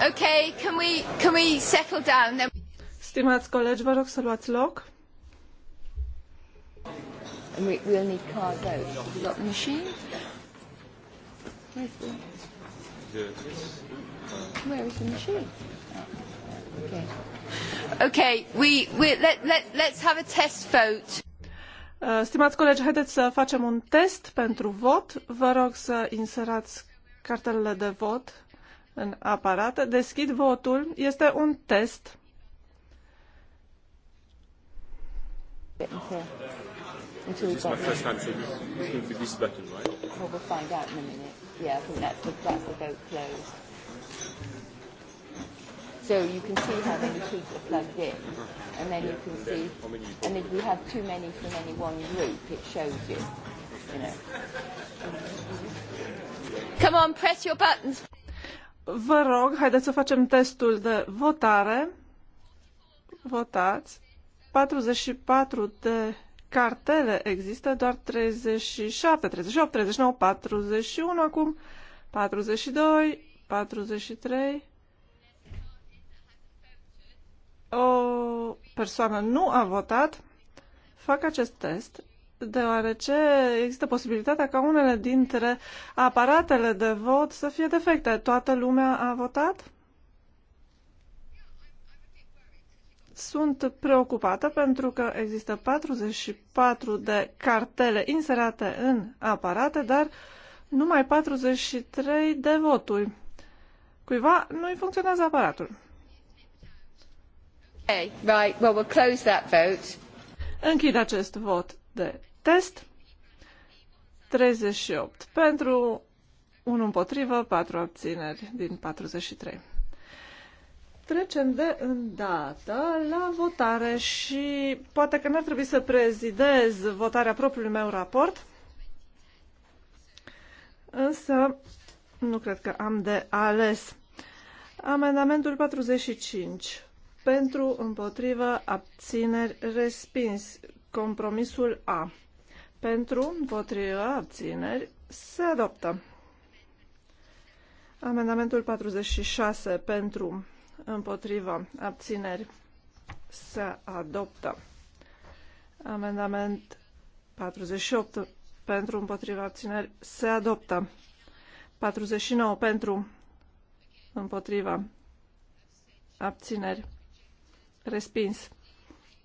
Ok, can we, can we settle down then? Stimați colegi, vă rog să luați loc. And we, we'll need cards out. Have you got the machine? Where is the machine? Okay. Okay, we, we let, let, let's have a test vote. Uh, stimați colegi, haideți să facem un test pentru vot. Vă rog să inserați cartelele de vot în aparat. Deschid votul. Este un test. Until This is my first time, this, this be this button, right? Well, we'll find out in a minute. Yeah, I think that's the, that's the vote closed. So you can see how many people are plugged in, and then you can see, and if you have too many from any one group, it shows you, you know. Come on, press your buttons. Vă rog, haideți să facem testul de votare. Votați. 44 de cartele există, doar 37, 38, 39, 41 acum, 42, 43, o persoană nu a votat, fac acest test deoarece există posibilitatea ca unele dintre aparatele de vot să fie defecte. Toată lumea a votat? Sunt preocupată pentru că există 44 de cartele inserate în aparate, dar numai 43 de voturi. Cuiva nu-i funcționează aparatul. Okay, right. Închid acest vot de test. 38 pentru, 1 împotrivă, 4 abțineri din 43. Trecem de îndată la votare și poate că n-ar trebui să prezidez votarea propriului meu raport, însă nu cred că am de ales. Amendamentul 45 pentru, împotrivă, abțineri, respins. Compromisul A. Pentru, împotrivă, abțineri, se adoptă. Amendamentul 46 pentru, împotrivă, abțineri, se adoptă. Amendament 48 pentru, împotrivă, abțineri, se adoptă. 49 pentru, împotrivă, abțineri, respins.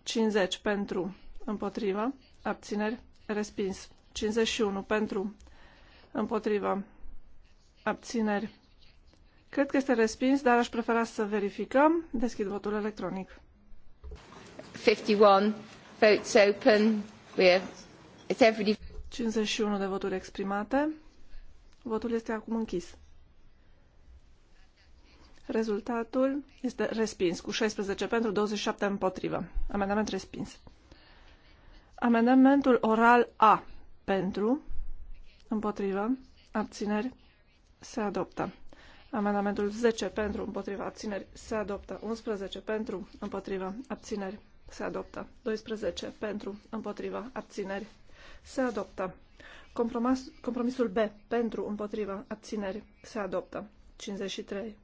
50 pentru, împotrivă, abțineri, respins. 51 pentru, împotrivă, abțineri. Cred că este respins, dar aș prefera să verificăm. Deschid votul electronic. 51 votes open. It's 51 de voturi exprimate. Votul este acum închis. Rezultatul este respins cu 16 pentru 27 împotrivă. Amendament respins. Amendamentul oral A pentru, împotrivă, abțineri, se adoptă. Amendamentul 10 pentru, împotrivă abțineri, se adoptă. 11 pentru, împotrivă abțineri, se adoptă. 12 pentru, împotrivă abțineri, se adoptă. Compromis, compromisul B pentru, împotrivă abțineri, se adoptă. 53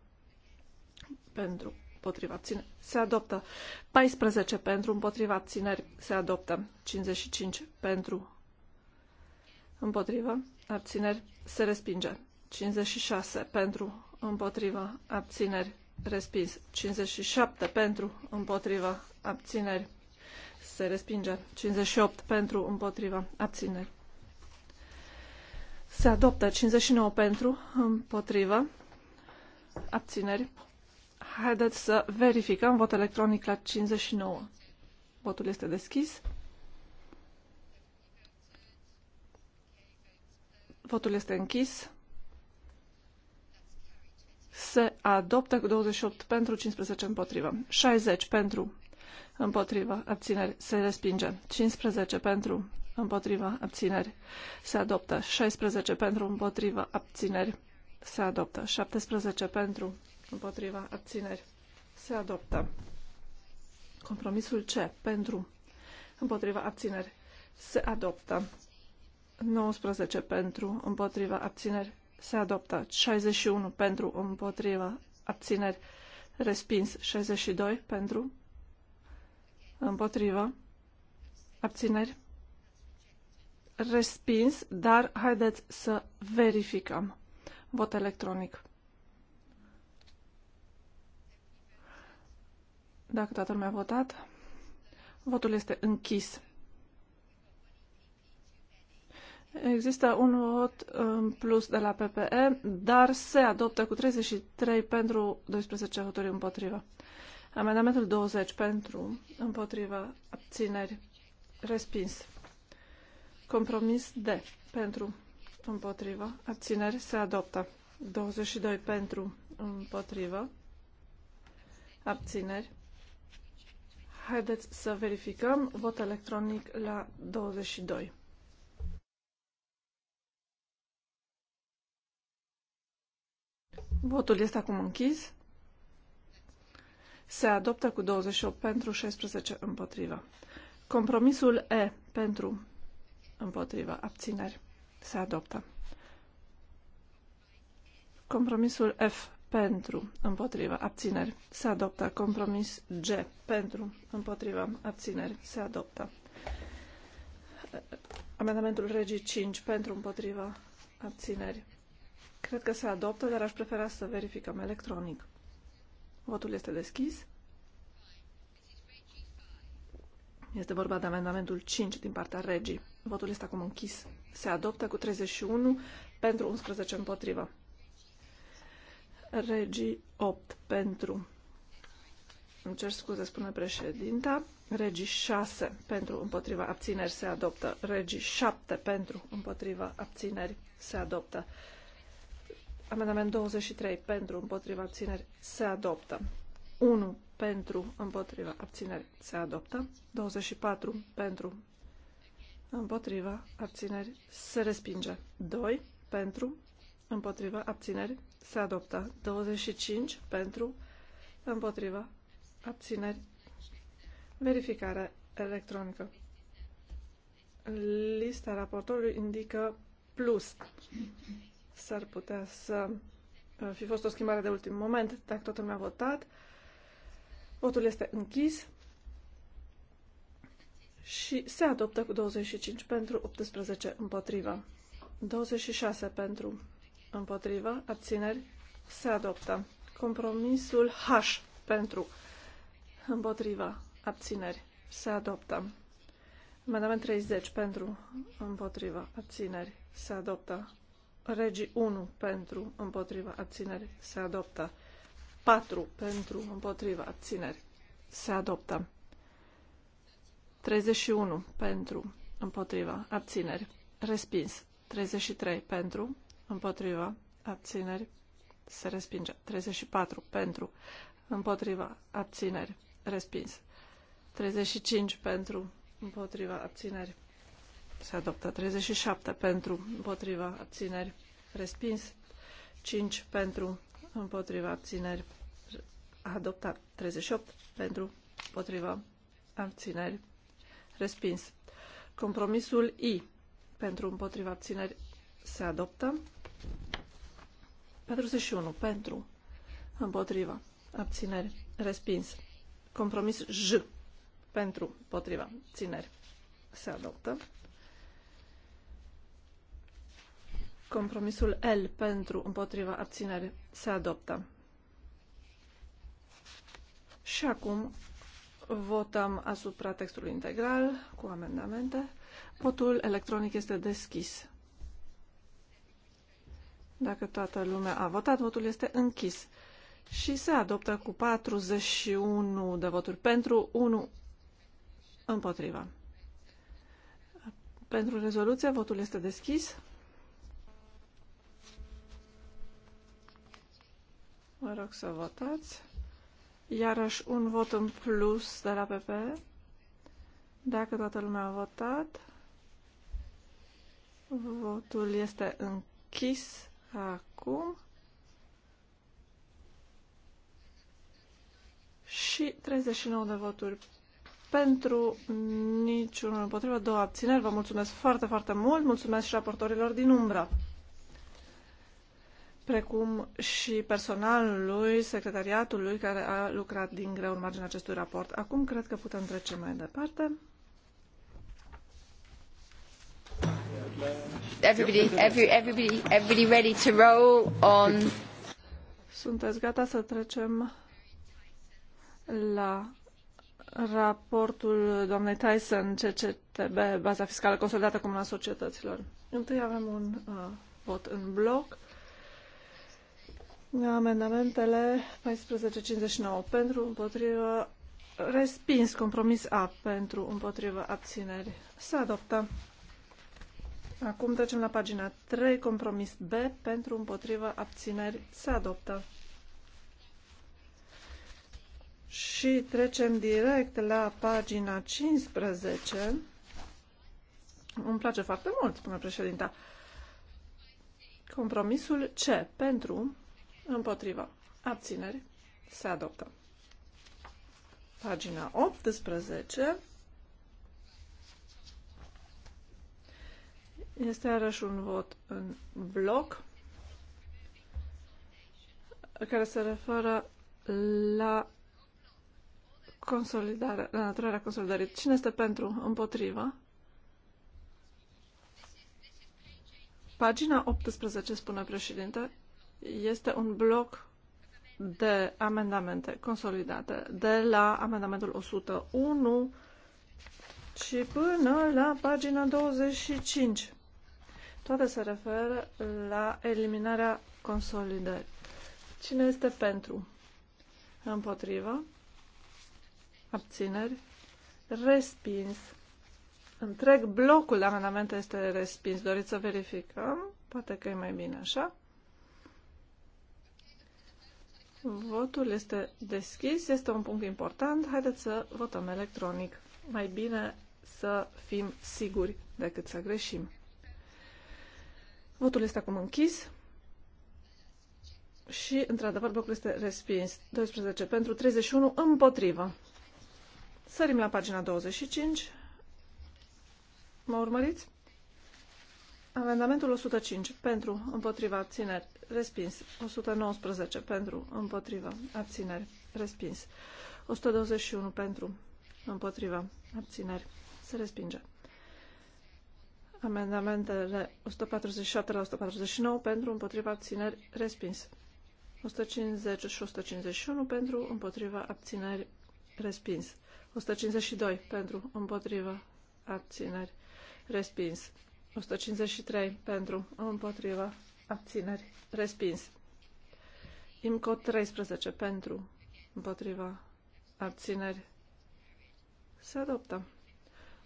pentru împotriva abțineri se adoptă. 14 pentru împotriva abțineri se adoptă. 55 pentru împotriva abțineri se respinge. 56 pentru împotriva abțineri respins. 57 pentru împotriva abțineri se respinge. 58 pentru împotriva abțineri. Se adoptă 59 pentru împotriva abțineri Haideți să verificăm vot electronic la 59. Votul este deschis. Votul este închis. Se adoptă cu 28 pentru, 15 împotrivă. 60 pentru, împotrivă, abțineri, se respinge. 15 pentru, împotrivă, abțineri, se adoptă. 16 pentru, împotrivă, abțineri, se adoptă. 17 pentru, împotriva, abțineri, se adoptă. Compromisul C, pentru, împotriva, abțineri, se adoptă. 19 pentru, împotriva, abțineri, se adoptă. 61 pentru, împotriva, abțineri, respins. 62 pentru, împotriva, abțineri, respins, dar haideți să verificăm. Vot electronic. Dacă toată lumea a votat, votul este închis. Există un vot în plus de la PPE, dar se adoptă cu 33 pentru 12 voturi împotriva. Amendamentul 20 pentru împotriva abțineri respins. Compromis D pentru împotriva abțineri se adoptă. 22 pentru împotriva abțineri Haideți să verificăm vot electronic la 22. Votul este acum închis. Se adoptă cu 28 pentru, 16 împotriva. Compromisul E pentru împotriva abțineri se adoptă. Compromisul F pentru, împotriva, abțineri, se adoptă. Compromis G, pentru, împotriva, abțineri, se adoptă. Amendamentul regii 5, pentru, împotriva, abțineri. Cred că se adoptă, dar aș prefera să verificăm electronic. Votul este deschis. Este vorba de amendamentul 5 din partea regii. Votul este acum închis. Se adoptă cu 31 pentru 11 împotrivă. Regii 8 pentru. Îmi cer scuze, spune președinta. Regii 6 pentru împotriva abțineri se adoptă. Regii 7 pentru împotriva abțineri se adoptă. Amendament 23 pentru împotriva abțineri se adoptă. 1 pentru împotriva abțineri se adoptă. 24 pentru împotriva abțineri se respinge. 2 pentru împotriva abțineri se adoptă. 25 pentru, împotriva, abțineri, verificare electronică. Lista raportorului indică plus. S-ar putea să uh, fi fost o schimbare de ultim moment, dacă toată lumea a votat. Votul este închis și se adoptă cu 25 pentru, 18 împotriva. 26 pentru, Împotrivă. Abțineri. Se adoptă. Compromisul H. Pentru. Împotrivă. Abțineri. Se adoptă. Amendament 30. Pentru. Împotrivă. Abțineri. Se adoptă. Regi 1. Pentru. Împotrivă. Abțineri. Se adoptă. 4. Pentru. Împotrivă. Abțineri. Se adoptă. 31. Pentru. Împotriva. Abțineri. Respins. 33. Pentru împotriva, abțineri, se respinge. 34 pentru, împotriva, abțineri, respins. 35 pentru, împotriva, abțineri, se adoptă. 37 pentru, împotriva, abțineri, respins. 5 pentru, împotriva, abțineri, adoptat. 38 pentru, împotriva, abțineri, respins. Compromisul I pentru împotriva abțineri se adoptă. 41. Pentru. Împotriva. Abțineri. Respins. Compromis J. Pentru. Împotriva. Țineri. Se adoptă. Compromisul L. Pentru. Împotriva. Abțineri. Se adoptă. Și acum votăm asupra textului integral cu amendamente. Votul electronic este deschis. Dacă toată lumea a votat, votul este închis și se adoptă cu 41 de voturi pentru, 1 împotriva. Pentru rezoluție, votul este deschis. Vă rog să votați. Iarăși un vot în plus de la PP. Dacă toată lumea a votat, votul este închis acum. Și 39 de voturi pentru, niciunul împotriva, două abțineri. Vă mulțumesc foarte, foarte mult. Mulțumesc și raportorilor din umbră precum și personalului, secretariatului care a lucrat din greu în marginea acestui raport. Acum cred că putem trece mai departe everybody, every, everybody, everybody ready to roll on? Sunteți gata să trecem la raportul doamnei Tyson, CCTB, baza fiscală consolidată comună a societăților. Întâi avem un uh, vot în bloc. Amendamentele 1459 pentru, împotrivă, respins, compromis A pentru, împotrivă, abțineri. Se adoptă. Acum trecem la pagina 3, compromis B, pentru împotrivă abțineri se adoptă. Și trecem direct la pagina 15. Îmi place foarte mult, spune președinta. Compromisul C pentru împotriva abțineri se adoptă. Pagina 18 Este arăși un vot în bloc care se referă la consolidare, la naturarea consolidării. Cine este pentru? Împotriva? Pagina 18, spune președinte, este un bloc de amendamente consolidate de la amendamentul 101 și până la pagina 25. Toate se referă la eliminarea consolidării. Cine este pentru? Împotriva? Abțineri? Respins. Întreg blocul de amendamente este respins. Doriți să verificăm? Poate că e mai bine așa. Votul este deschis, este un punct important. Haideți să votăm electronic. Mai bine să fim siguri decât să greșim. Votul este acum închis. Și, într-adevăr, blocul este respins. 12 pentru, 31 împotrivă. Sărim la pagina 25. Mă urmăriți? Amendamentul 105 pentru, împotriva, abțineri, respins. 119 pentru, împotriva, abțineri, respins. 121 pentru, împotriva, abțineri, se respinge. Amendamentele 147 la 149 pentru împotriva abțineri respins. 150 și 151 pentru împotriva abțineri respins. 152 pentru împotriva abțineri respins. 153 pentru împotriva abțineri respins. IMCO 13 pentru împotriva abțineri se adoptă.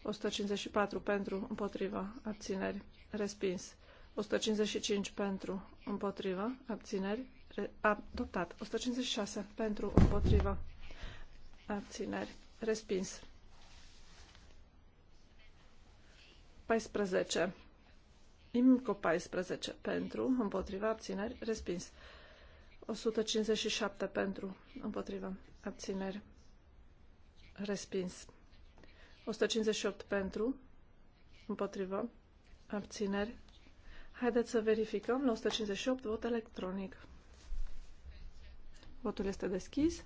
154 pentru, împotriva, abțineri, respins. 155 pentru, împotriva, abțineri, adoptat. 156 pentru, împotriva, abțineri, respins. 14. Imco 14 pentru, împotriva, abțineri, respins. 157 pentru, împotriva, abțineri, respins. 158 pentru, împotrivă, abțineri. Haideți să verificăm la 158 vot electronic. Votul este deschis.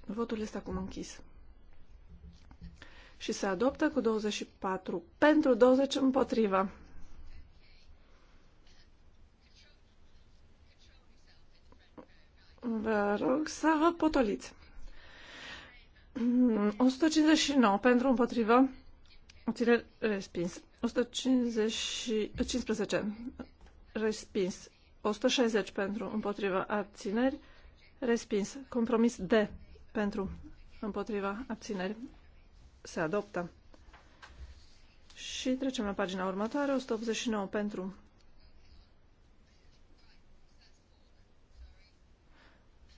Votul este acum închis. Și se adoptă cu 24 pentru 20 împotriva. Vă rog să vă potoliți. 159 pentru împotrivă. Ține respins. 115 respins. 160 pentru împotriva abțineri. Respins. Compromis D pentru împotriva abțineri. Se adoptă. Și trecem la pagina următoare. 189 pentru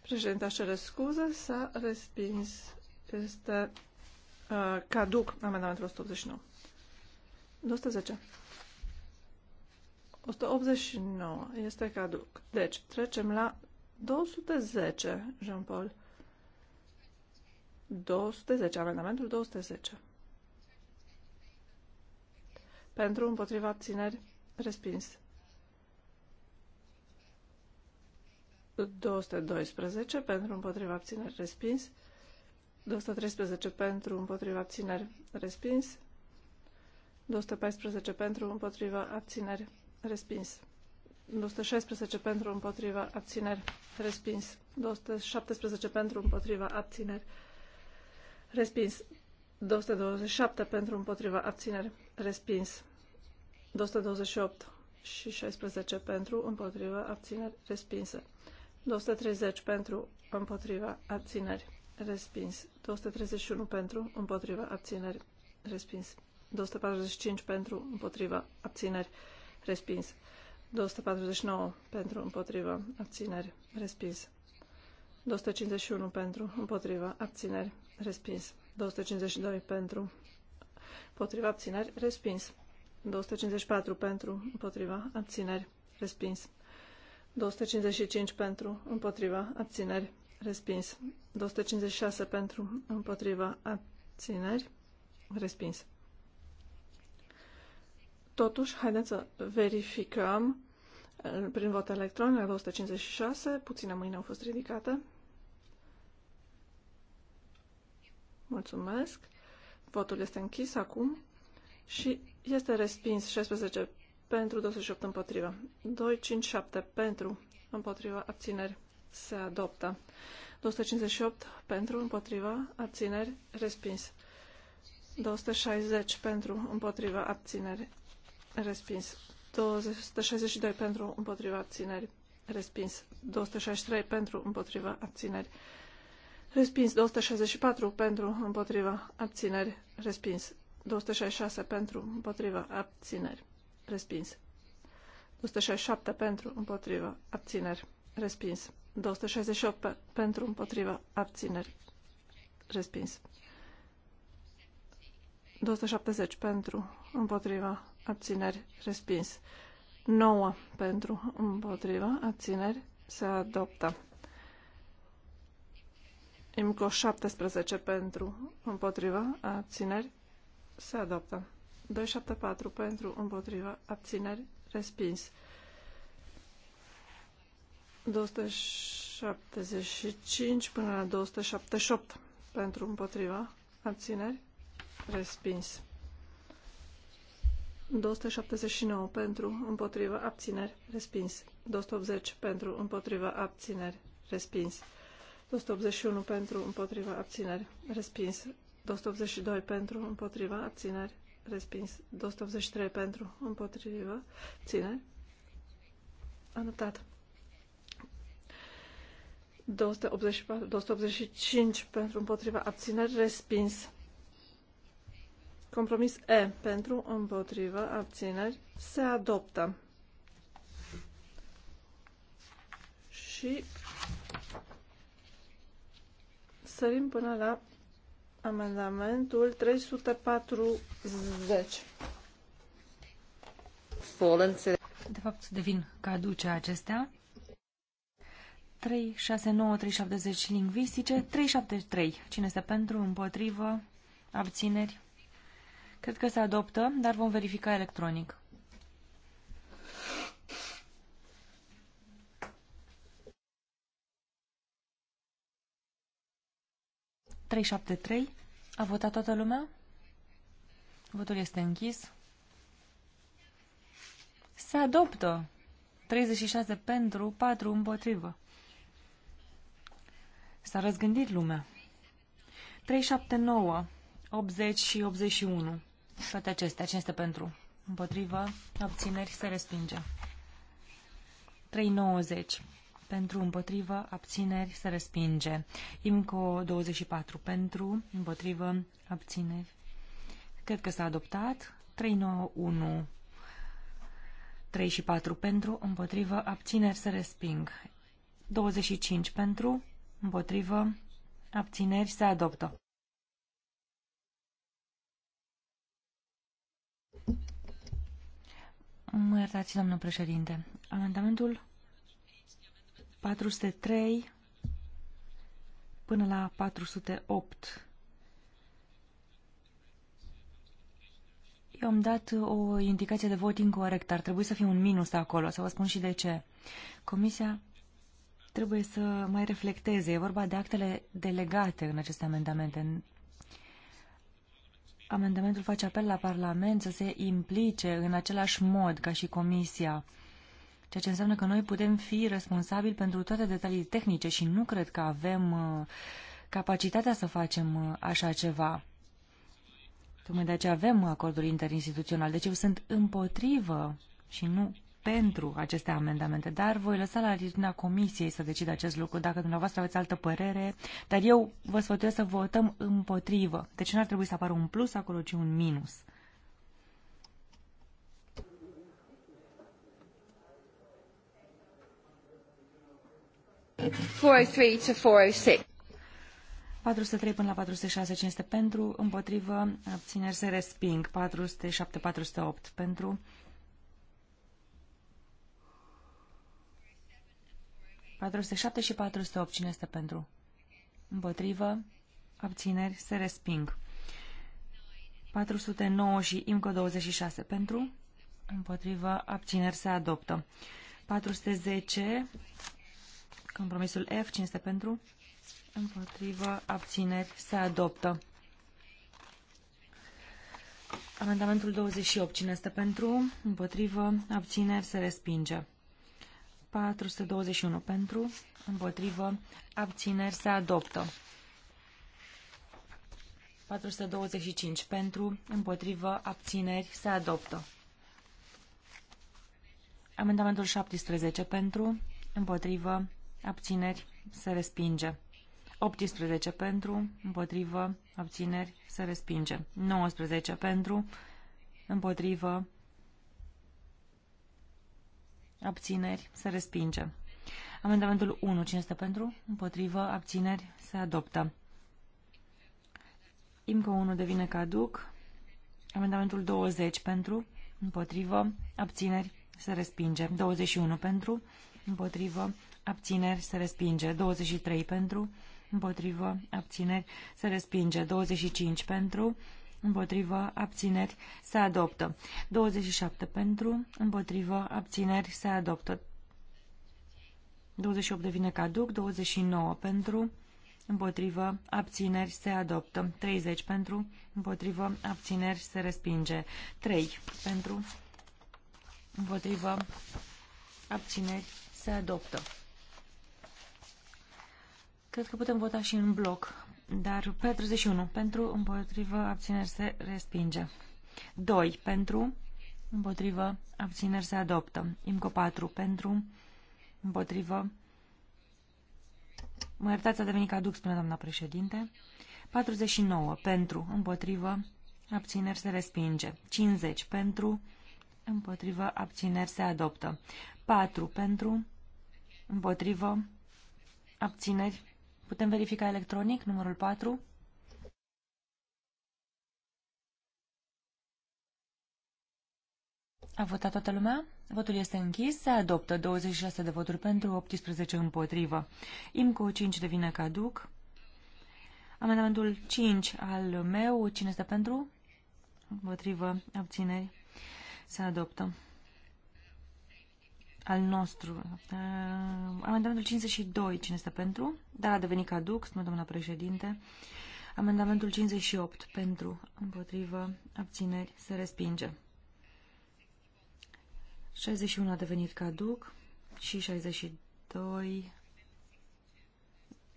Președinte, cere scuze, s-a respins. Este uh, caduc amendamentul 189. 210. 189 este caduc. Deci, trecem la 210, Jean-Paul. 210, amendamentul 210. Pentru împotriva abțineri, respins. 212 pentru împotriva abțineri respins. 213 pentru împotriva abțineri respins. 214 pentru împotriva abțineri respins. 216 pentru împotriva abțineri respins. 217 pentru împotriva abțineri respins. 227 pentru împotriva abțineri respins. 228 și 16 pentru împotriva abțineri respinse. 230 pentru, împotriva, abțineri, respins. 231 pentru, împotriva, abțineri, respins. 245 pentru, împotriva, abțineri, respins. 249 pentru, împotriva, abțineri, respins. 251 pentru, împotriva, abțineri, respins. 252 pentru, împotriva, abțineri, respins. 254 pentru, împotriva, abțineri, respins. 255 pentru, împotriva, abțineri, respins. 256 pentru, împotriva, abțineri, respins. Totuși, haideți să verificăm uh, prin vot electronic la 256. Puține mâini au fost ridicate. Mulțumesc. Votul este închis acum și este respins 16 pentru, 28 împotrivă. 257 pentru, împotrivă, abțineri, se adoptă. 258 pentru, împotrivă, abțineri, respins. 260 pentru, împotrivă, abțineri, respins. 262 pentru, împotrivă, abțineri, respins. 263 pentru, împotrivă, abțineri, respins. 264 pentru, împotrivă, abțineri, respins. 266 pentru, împotrivă, abțineri Respins. 267 pentru, împotrivă, abțineri. Respins. 268 pe, pentru, împotrivă, abțineri. Respins. 270 pentru, împotrivă, abțineri, respins. 9 pentru, împotrivă, abțineri, se adoptă. IMCO 17 pentru, împotrivă, abțineri, se adoptă. 274 pentru împotriva abțineri respins. 275 până la 278 pentru împotriva abțineri respins. 279 pentru împotriva abțineri respins. 280 pentru împotriva abțineri respins. 281 pentru împotriva abțineri respins. 282 pentru împotriva abțineri respins. 283 pentru, împotrivă, ține, anotat. 284, 285 pentru, împotriva, abțineri, respins. Compromis E pentru, împotriva abțineri, se adoptă. Și sărim până la Amendamentul 340. De fapt, devin caduce acestea. 3, 6, 9, 3, 70 lingvistice, 3, 7, 3. Cine este pentru, împotrivă, abțineri? Cred că se adoptă, dar vom verifica electronic. 373. A votat toată lumea? Votul este închis. Se adoptă. 36 pentru, 4 împotrivă. S-a răzgândit lumea. 379, 80 și 81. Toate acestea. Ce este pentru? Împotrivă, abțineri, se respinge. 390 pentru, împotrivă, abțineri, se respinge. IMCO 24 pentru, împotrivă, abțineri. Cred că s-a adoptat. 391 3 și 4 pentru, împotrivă, abțineri, se resping. 25 pentru, împotrivă, abțineri, se adoptă. Mă iertați, domnul președinte. Amendamentul 403 până la 408. Eu am dat o indicație de vot incorrectă. Ar trebui să fie un minus acolo. Să vă spun și de ce. Comisia trebuie să mai reflecteze. E vorba de actele delegate în aceste amendamente. Amendamentul face apel la Parlament să se implice în același mod ca și Comisia Ceea ce înseamnă că noi putem fi responsabili pentru toate detaliile tehnice și nu cred că avem uh, capacitatea să facem uh, așa ceva. Tocmai de aceea avem acordul interinstituțional. Deci eu sunt împotrivă și nu pentru aceste amendamente, dar voi lăsa la atitudinea comisiei să decide acest lucru, dacă dumneavoastră aveți altă părere, dar eu vă sfătuiesc să votăm împotrivă. Deci nu ar trebui să apară un plus acolo, ci un minus. 403 406. 403 până la 406, 500 pentru, împotrivă, abțineri se resping, 407, 408 pentru, 407 și 408, cine este pentru? Împotrivă, abțineri, se resping. 409 și IMCO 26 pentru, împotrivă, abțineri, se adoptă. 410 Compromisul F, cine este pentru? Împotrivă, abțineri, se adoptă. Amendamentul 28, cine este pentru? Împotrivă, abțineri, se respinge. 421 pentru, împotrivă, abțineri, se adoptă. 425 pentru, împotrivă, abțineri, se adoptă. Amendamentul 17 pentru, împotrivă, abțineri, se respinge. 18 pentru, împotrivă, abțineri, se respinge. 19 pentru, împotrivă, abțineri, se respinge. Amendamentul 1, 500 pentru, împotrivă, abțineri, se adoptă. IMCO 1 devine caduc. Amendamentul 20 pentru, împotrivă, abțineri, se respinge. 21 pentru, împotrivă, abțineri, se respinge. 23 pentru, împotrivă, abțineri, se respinge. 25 pentru, împotrivă, abțineri, se adoptă. 27 pentru, împotrivă, abțineri, se adoptă. 28 devine caduc, 29 pentru, împotrivă, abțineri, se adoptă. 30 pentru, împotrivă, abțineri, se respinge. 3 pentru, împotrivă, abțineri, se adoptă. Cred că putem vota și în bloc. Dar pe 31, pentru, împotrivă, abțineri se respinge. 2, pentru, împotrivă, abțineri se adoptă. IMCO 4, pentru, împotrivă. Mă iertați, a devenit caduc, spune doamna președinte. 49, pentru, împotrivă, abțineri se respinge. 50, pentru, împotrivă, abțineri se adoptă. 4, pentru, împotrivă, abțineri Putem verifica electronic numărul 4. A votat toată lumea? Votul este închis. Se adoptă 26 de voturi pentru, 18 împotrivă. IMCO 5 devine caduc. Amendamentul 5 al meu, cine este pentru? Împotrivă, abțineri. Se adoptă al nostru. Uh, amendamentul 52, cine este pentru? Dar a devenit caduc, spune doamna președinte. Amendamentul 58, pentru, împotrivă, abțineri, se respinge. 61 a devenit caduc și 62...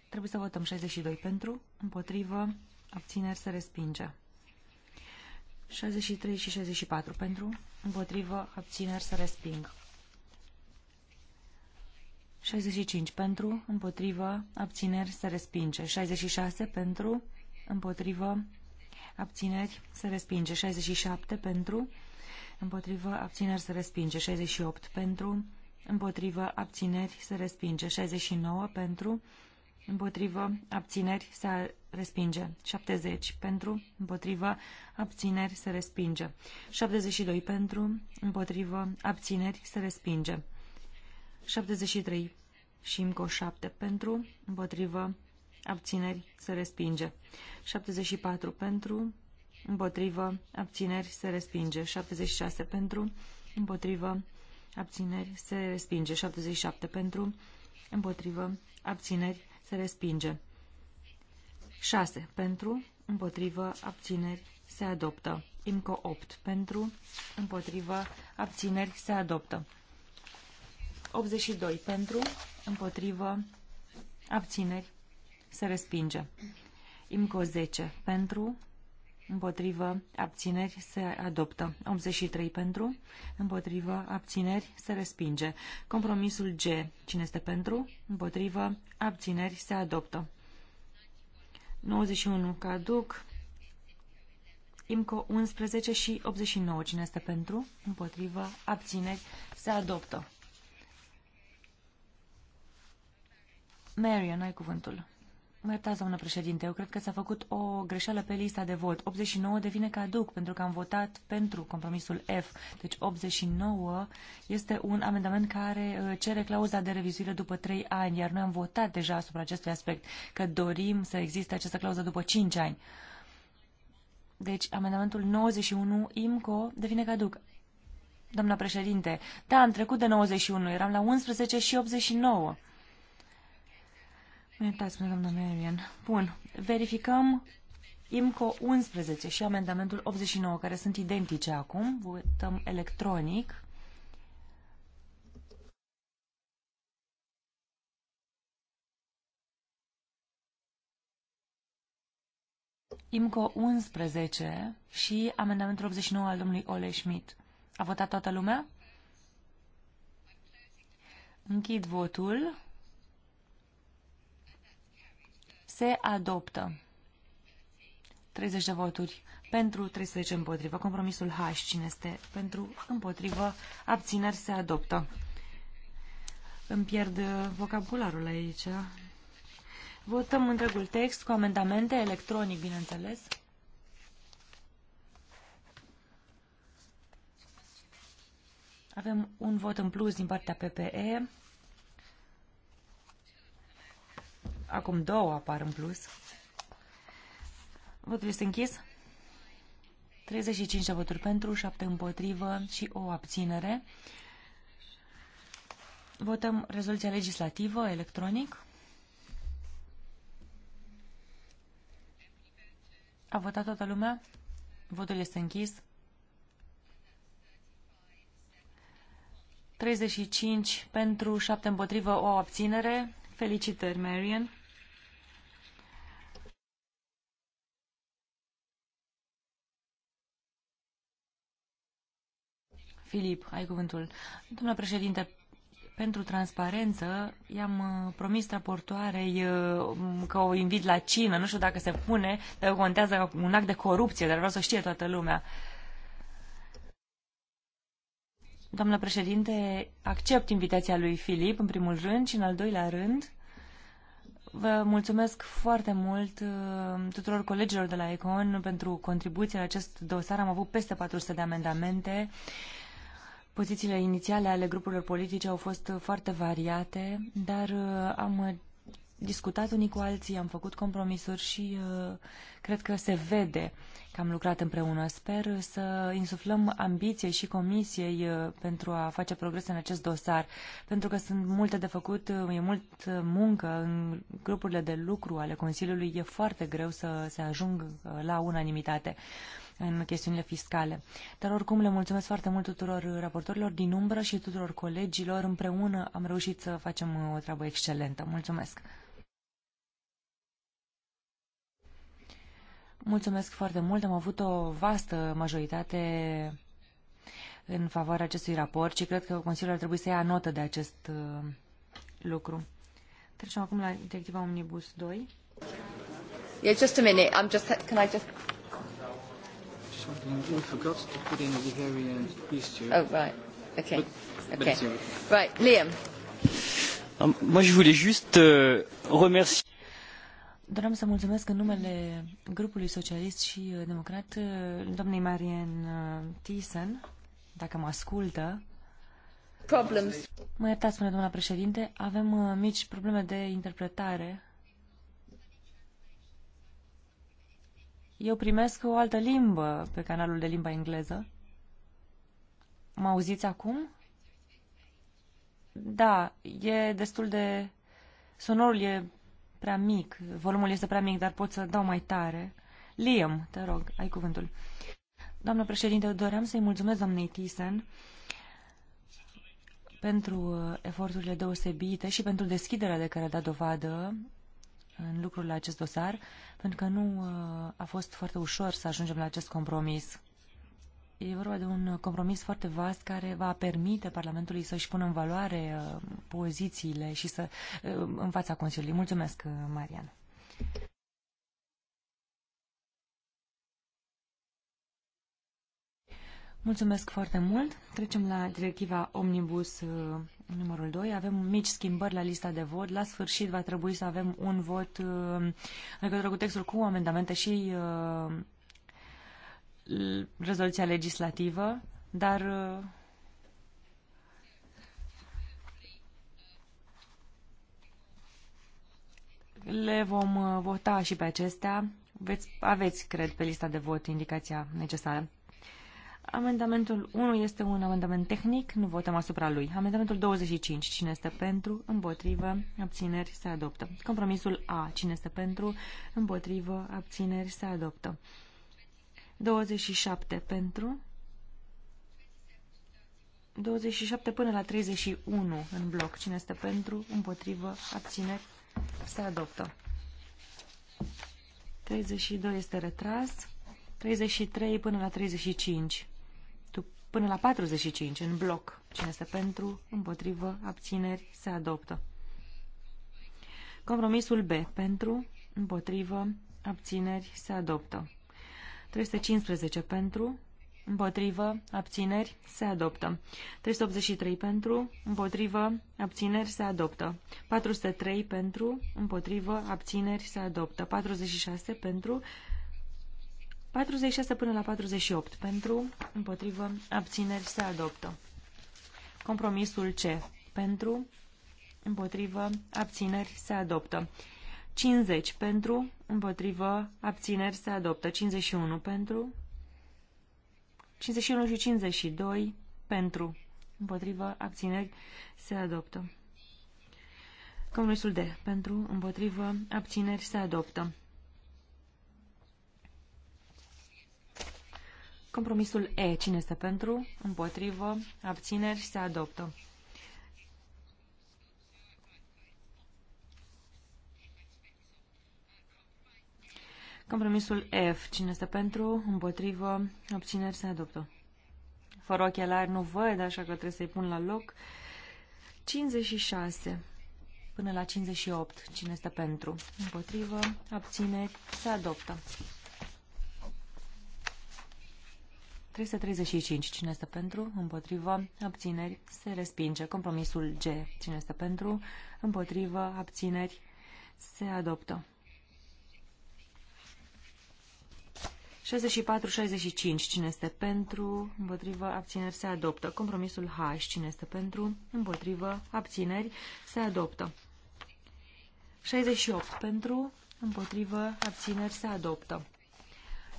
Trebuie să votăm 62 pentru, împotrivă, abțineri, se respinge. 63 și 64 pentru, împotrivă, abțineri, se resping. 65 pentru, împotrivă, abțineri, se respinge. 66 pentru, împotrivă, abțineri, se respinge. 67 pentru, împotrivă, abțineri, se respinge. 68 pentru, împotrivă, abțineri, se respinge. 69 pentru, împotrivă, abțineri, se respinge. 70 pentru, împotrivă, abțineri, se respinge. 72 pentru, împotrivă, abțineri, se respinge. 73 și o 7 pentru, împotrivă, abțineri, se respinge. 74 pentru, împotrivă, abțineri, se respinge. 76 pentru, împotrivă, abțineri, se respinge. 77 pentru, împotrivă, abțineri, se respinge. 6 pentru, împotrivă, abțineri, se adoptă. IMCO 8 pentru, împotrivă, abțineri, se adoptă. 82 pentru, împotrivă, abțineri, se respinge. IMCO 10 pentru, împotrivă, abțineri, se adoptă. 83 pentru, împotrivă, abțineri, se respinge. Compromisul G, cine este pentru, împotrivă, abțineri, se adoptă. 91 caduc, IMCO 11 și 89, cine este pentru, împotrivă, abțineri, se adoptă. Marian, ai cuvântul. Mă iertați, doamnă președinte, eu cred că s-a făcut o greșeală pe lista de vot. 89 devine caduc, pentru că am votat pentru compromisul F. Deci 89 este un amendament care uh, cere clauza de revizuire după 3 ani, iar noi am votat deja asupra acestui aspect, că dorim să existe această clauză după 5 ani. Deci amendamentul 91 IMCO devine caduc. Doamna președinte, da, am trecut de 91, eram la 11 și 89. Iertați-mă, doamna Merian. Bun. Verificăm IMCO 11 și amendamentul 89, care sunt identice acum. Votăm electronic. IMCO 11 și amendamentul 89 al domnului Ole Schmidt. A votat toată lumea? Închid votul. se adoptă. 30 de voturi pentru, 13 împotrivă. Compromisul H, cine este pentru, împotrivă, abțineri se adoptă. Îmi pierd uh, vocabularul aici. Votăm întregul text cu amendamente electronic, bineînțeles. Avem un vot în plus din partea PPE. Acum două apar în plus. Votul este închis. 35 de voturi pentru, 7 împotrivă și o abținere. Votăm rezoluția legislativă electronic. A votat toată lumea? Votul este închis. 35 pentru, 7 împotrivă, o abținere. Felicitări, Marian. Filip, ai cuvântul. Domnule președinte, pentru transparență, i-am uh, promis raportoarei uh, că o invit la cină. Nu știu dacă se pune, dar contează un act de corupție, dar vreau să știe toată lumea. Doamnă președinte, accept invitația lui Filip, în primul rând, și în al doilea rând, vă mulțumesc foarte mult uh, tuturor colegilor de la Econ pentru contribuția la acest dosar. Am avut peste 400 de amendamente. Pozițiile inițiale ale grupurilor politice au fost uh, foarte variate, dar uh, am uh, discutat unii cu alții, am făcut compromisuri și cred că se vede că am lucrat împreună. Sper să insuflăm ambiție și comisiei pentru a face progres în acest dosar, pentru că sunt multe de făcut, e mult muncă în grupurile de lucru ale Consiliului, e foarte greu să se ajung la unanimitate în chestiunile fiscale. Dar oricum le mulțumesc foarte mult tuturor raportorilor din umbră și tuturor colegilor. Împreună am reușit să facem o treabă excelentă. Mulțumesc! Mulțumesc foarte mult. Am avut o vastă majoritate în favoarea acestui raport și cred că Consiliul ar trebui să ia notă de acest uh, lucru. Trecem acum la directiva Omnibus 2. Yeah, just a minute. I'm just, can I just something I forgot to put in the very end, these two. Oh, right. Okay. But, okay. But right, Liam. Um, moi, je voulais juste euh, remercier. Doream să mulțumesc în numele grupului socialist și uh, democrat uh, domnei Marian uh, Thyssen, dacă mă ascultă. Problems. Mă iertați, spune doamna președinte, avem mici probleme de interpretare. Eu primesc o altă limbă pe canalul de limba engleză. Mă auziți acum? Da, e destul de... Sonorul e prea mic, volumul este prea mic, dar pot să dau mai tare. Liam, te rog, ai cuvântul. Doamna președinte, doream să-i mulțumesc doamnei Thyssen pentru uh, eforturile deosebite și pentru deschiderea de care a dat dovadă în lucrul la acest dosar pentru că nu uh, a fost foarte ușor să ajungem la acest compromis. E vorba de un compromis foarte vast care va permite Parlamentului să-și pună în valoare uh, pozițiile și să uh, în fața Consiliului. Mulțumesc, Marian. Mulțumesc foarte mult. Trecem la directiva Omnibus Numărul 2. Avem mici schimbări la lista de vot. La sfârșit va trebui să avem un vot uh, în legătură cu textul cu amendamente și uh, rezoluția legislativă, dar uh, le vom vota și pe acestea. Veți, aveți, cred, pe lista de vot indicația necesară. Amendamentul 1 este un amendament tehnic, nu votăm asupra lui. Amendamentul 25, cine este pentru, împotrivă, abțineri, se adoptă. Compromisul A, cine este pentru, împotrivă, abțineri, se adoptă. 27 pentru, 27 până la 31 în bloc, cine este pentru, împotrivă, abțineri, se adoptă. 32 este retras, 33 până la 35 până la 45 în bloc. Cine este pentru, împotrivă, abțineri, se adoptă. Compromisul B. Pentru, împotrivă, abțineri, se adoptă. 315 pentru, împotrivă, abțineri, se adoptă. 383 pentru, împotrivă, abțineri, se adoptă. 403 pentru, împotrivă, abțineri, se adoptă. 46 pentru, 46 până la 48 pentru, împotrivă, abțineri se adoptă. Compromisul C pentru, împotrivă, abțineri se adoptă. 50 pentru, împotrivă, abțineri se adoptă. 51 pentru, 51 și 52 pentru, împotrivă, abțineri se adoptă. Compromisul D pentru, împotrivă, abțineri se adoptă. Compromisul E. Cine este pentru? Împotrivă. Abțineri. Se adoptă. Compromisul F. Cine este pentru? Împotrivă. Abțineri. Se adoptă. Fără ochelari nu văd, așa că trebuie să-i pun la loc. 56 până la 58. Cine este pentru? Împotrivă. Abțineri. Se adoptă. 335. Cine este pentru? Împotrivă. Abțineri. Se respinge. Compromisul G. Cine este pentru? Împotrivă. Abțineri. Se adoptă. 64-65. Cine este pentru? Împotrivă. Abțineri. Se adoptă. Compromisul H. Cine este pentru? Împotrivă. Abțineri. Se adoptă. 68. Pentru? Împotrivă. Abțineri. Se adoptă.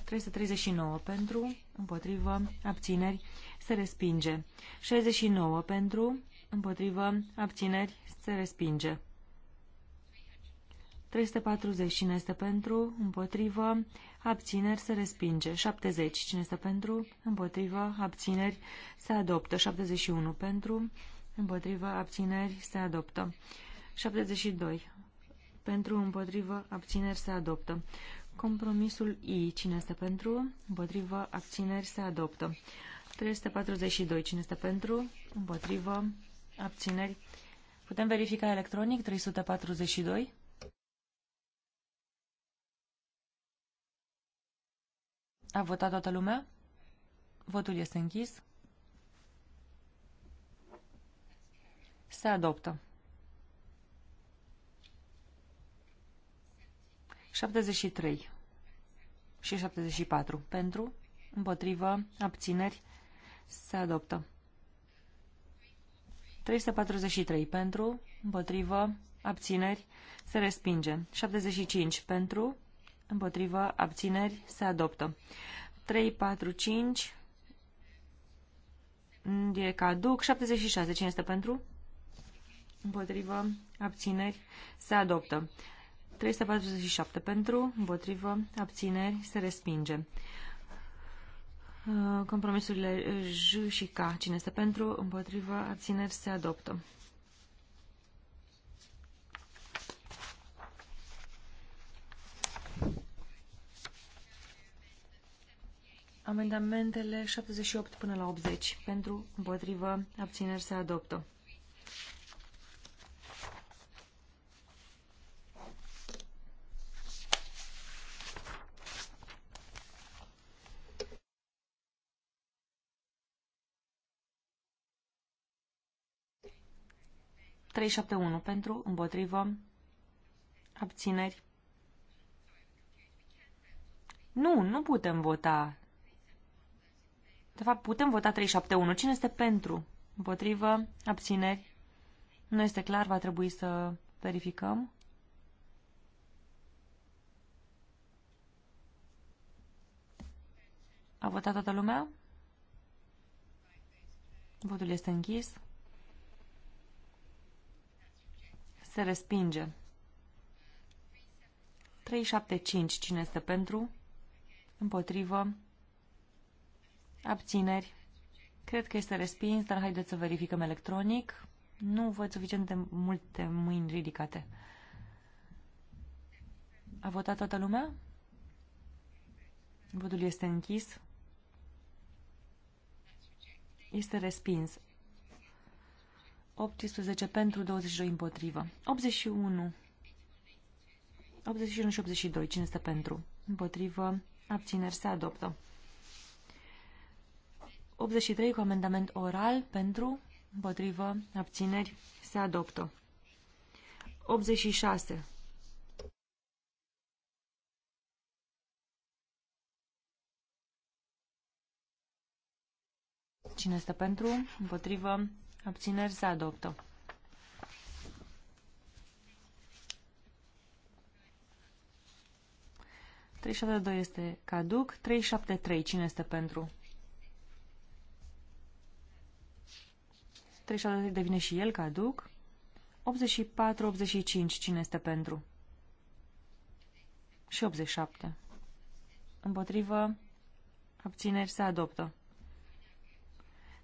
339 pentru, împotrivă, abțineri, se respinge. 69 pentru, împotrivă, abțineri, se respinge. 340 cine este pentru, împotrivă, abțineri, se respinge. 70 cine este pentru, împotrivă, abțineri, se adoptă. 71 pentru, împotrivă, abțineri, se adoptă. 72 pentru, împotrivă, abțineri, se adoptă. Compromisul I. Cine este pentru? Împotrivă. Abțineri se adoptă. 342. Cine este pentru? Împotrivă. Abțineri. Putem verifica electronic 342. A votat toată lumea? Votul este închis. Se adoptă. 73 și 74. Pentru, împotrivă, abțineri, se adoptă. 343. Pentru, împotrivă, abțineri, se respinge. 75. Pentru, împotrivă, abțineri, se adoptă. 345. E caduc. 76. Cine este pentru? Împotrivă, abțineri, se adoptă. 347 pentru, împotrivă, abțineri, se respinge. Uh, compromisurile J și K. Cine este pentru, împotrivă, abțineri, se adoptă. Amendamentele 78 până la 80 pentru, împotrivă, abțineri se adoptă. 371 pentru, împotrivă, abțineri. Nu, nu putem vota. De fapt, putem vota 371. Cine este pentru? Împotrivă, abțineri. Nu este clar, va trebui să verificăm. A votat toată lumea? Votul este închis. Se respinge. 375. Cine este pentru? Împotrivă. Abțineri. Cred că este respins, dar haideți să verificăm electronic. Nu văd suficient de multe mâini ridicate. A votat toată lumea? Votul este închis. Este respins. 18 pentru, 22 împotrivă. 81. 81 și 82. Cine este pentru? Împotrivă. Abțineri se adoptă. 83 cu amendament oral pentru, împotrivă, abțineri se adoptă. 86. Cine este pentru? Împotrivă? Abțineri se adoptă. Trei doi este caduc. Trei trei Cine este pentru? Trei trei devine și el caduc. Optzeci optzeci și patru, și cinci Cine este pentru? Și optzeci șapte. Împotrivă. Abțineri se adoptă.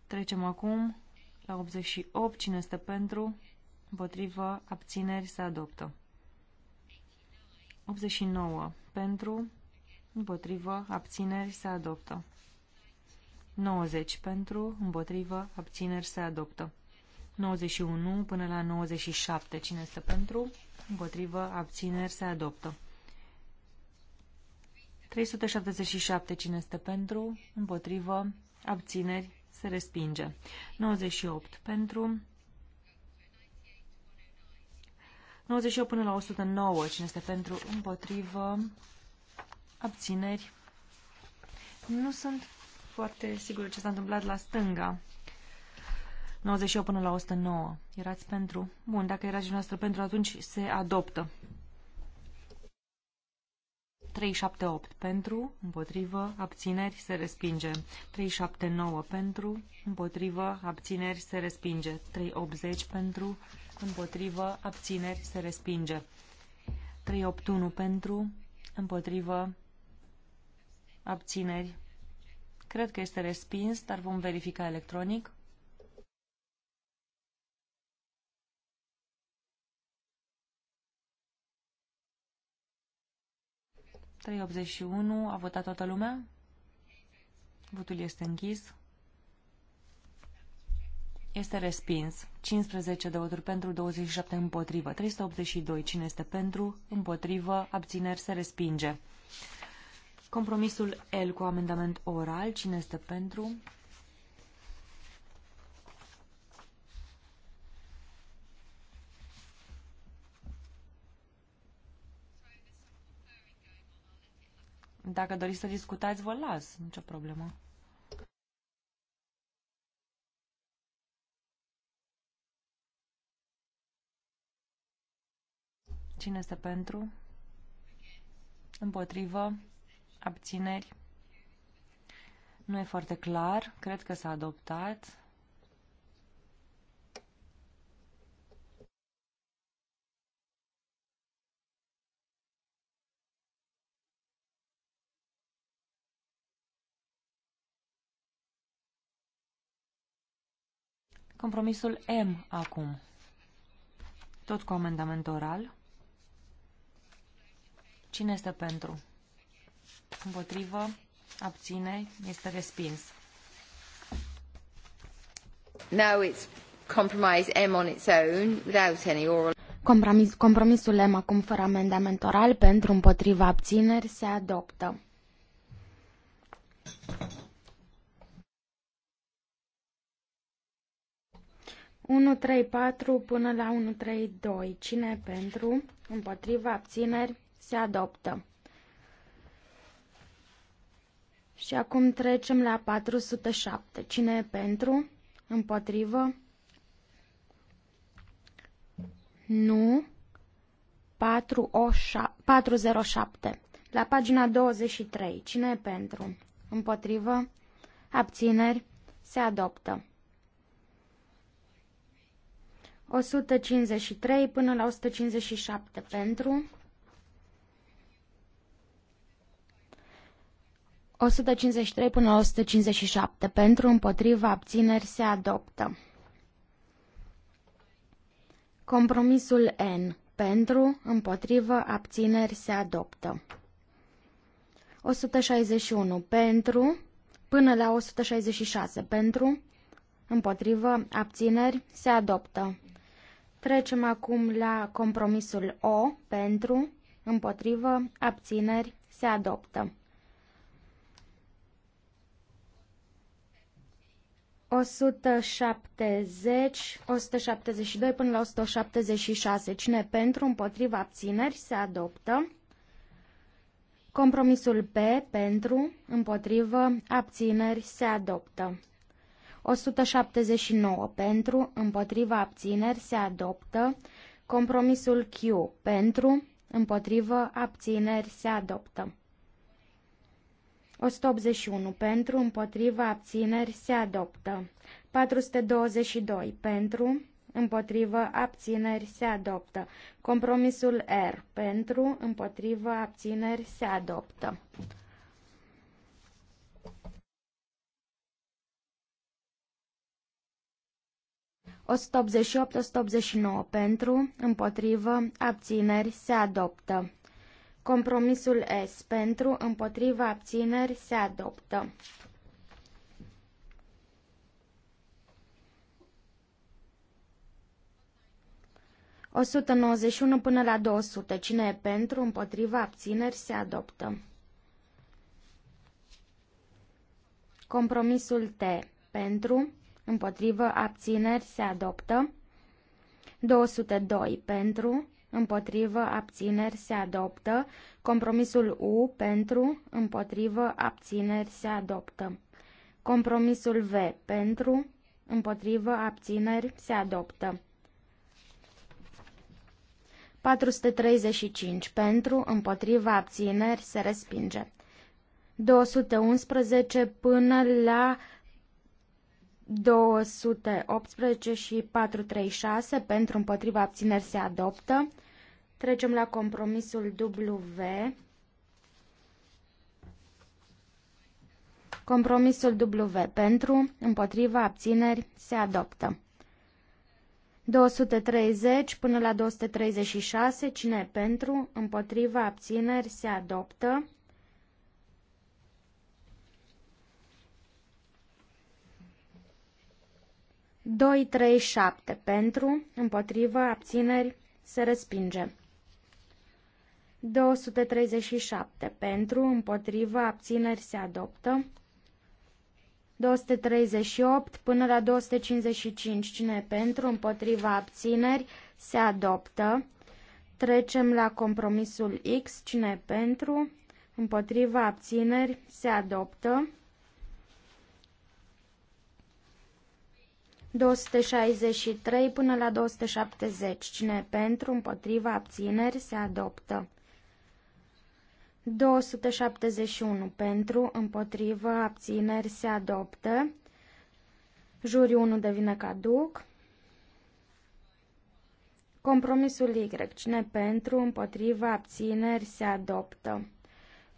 Trecem acum la 88, cine este pentru? Împotrivă, abțineri, se adoptă. 89, pentru? Împotrivă, abțineri, se adoptă. 90, pentru? Împotrivă, abțineri, se adoptă. 91 până la 97, cine este pentru? Împotrivă, abțineri, se adoptă. 377, cine este pentru? Împotrivă, abțineri, se respinge. 98 pentru 98 până la 109, cine este pentru, împotrivă, abțineri. Nu sunt foarte sigur ce s-a întâmplat la stânga. 98 până la 109. Erați pentru? Bun, dacă erați noastră pentru, atunci se adoptă. 378 pentru, împotrivă, abțineri, se respinge. 379 pentru, împotrivă, abțineri, se respinge. 380 pentru, împotrivă, abțineri, se respinge. 381 pentru, împotrivă, abțineri. Cred că este respins, dar vom verifica electronic. 381. A votat toată lumea? Votul este închis. Este respins. 15 de voturi pentru, 27 împotrivă. 382. Cine este pentru? Împotrivă. Abțineri se respinge. Compromisul L cu amendament oral. Cine este pentru? Dacă doriți să discutați, vă las. Nicio problemă. Cine este pentru? Împotrivă? Abțineri? Nu e foarte clar. Cred că s-a adoptat. Compromisul M acum. Tot cu amendament oral. Cine este pentru? Împotrivă? Abține? Este respins. Now it's compromise M on its own, without any oral... Compromis, compromisul M acum fără amendament oral pentru împotriva abțineri se adoptă. 134 până la 132. Cine pentru? Împotriva abțineri se adoptă. Și acum trecem la 407. Cine e pentru? Împotrivă? Nu. 407. La pagina 23. Cine e pentru? Împotrivă? Abțineri? Se adoptă. 153 până la 157 pentru, 153 până la 157 pentru, împotriva abțineri se adoptă. Compromisul N pentru, împotrivă, abțineri se adoptă. 161 pentru, până la 166 pentru, împotrivă, abțineri se adoptă. Trecem acum la compromisul O pentru, împotrivă, abțineri, se adoptă. 170, 172 până la 176. Cine pentru, împotriva, abțineri, se adoptă. Compromisul B pentru, împotrivă, abțineri, se adoptă. 179 pentru, împotriva abțineri se adoptă. Compromisul Q pentru, împotriva abțineri se adoptă. 181 pentru, împotriva abțineri se adoptă. 422 pentru, împotriva abțineri se adoptă. Compromisul R pentru, împotriva abțineri se adoptă. 188-189 pentru, împotrivă, abțineri, se adoptă. Compromisul S pentru, împotrivă, abțineri, se adoptă. O 191 până la 200. Cine e pentru, împotriva, abțineri, se adoptă. Compromisul T. Pentru, împotrivă, abțineri, se adoptă. 202 pentru, împotrivă, abțineri, se adoptă. Compromisul U pentru, împotrivă, abțineri, se adoptă. Compromisul V pentru, împotrivă, abțineri, se adoptă. 435 pentru, împotriva abțineri, se respinge. 211 până la 218 și 436 pentru împotriva abțineri se adoptă. Trecem la compromisul W. Compromisul W pentru împotriva abțineri se adoptă. 230 până la 236, cine pentru, împotriva abțineri se adoptă. 2, 3, 7 pentru, împotrivă, abțineri, se respinge. 237 pentru, împotrivă, abțineri, se adoptă. 238 până la 255, cine pentru, împotriva, abțineri, se adoptă. Trecem la compromisul X, cine pentru, împotriva, abțineri, se adoptă. 263 până la 270. Cine pentru, împotriva, abțineri, se adoptă. 271 pentru, împotrivă, abțineri, se adoptă. juriul 1 devine caduc. Compromisul Y. Cine pentru, împotriva, abțineri, se adoptă.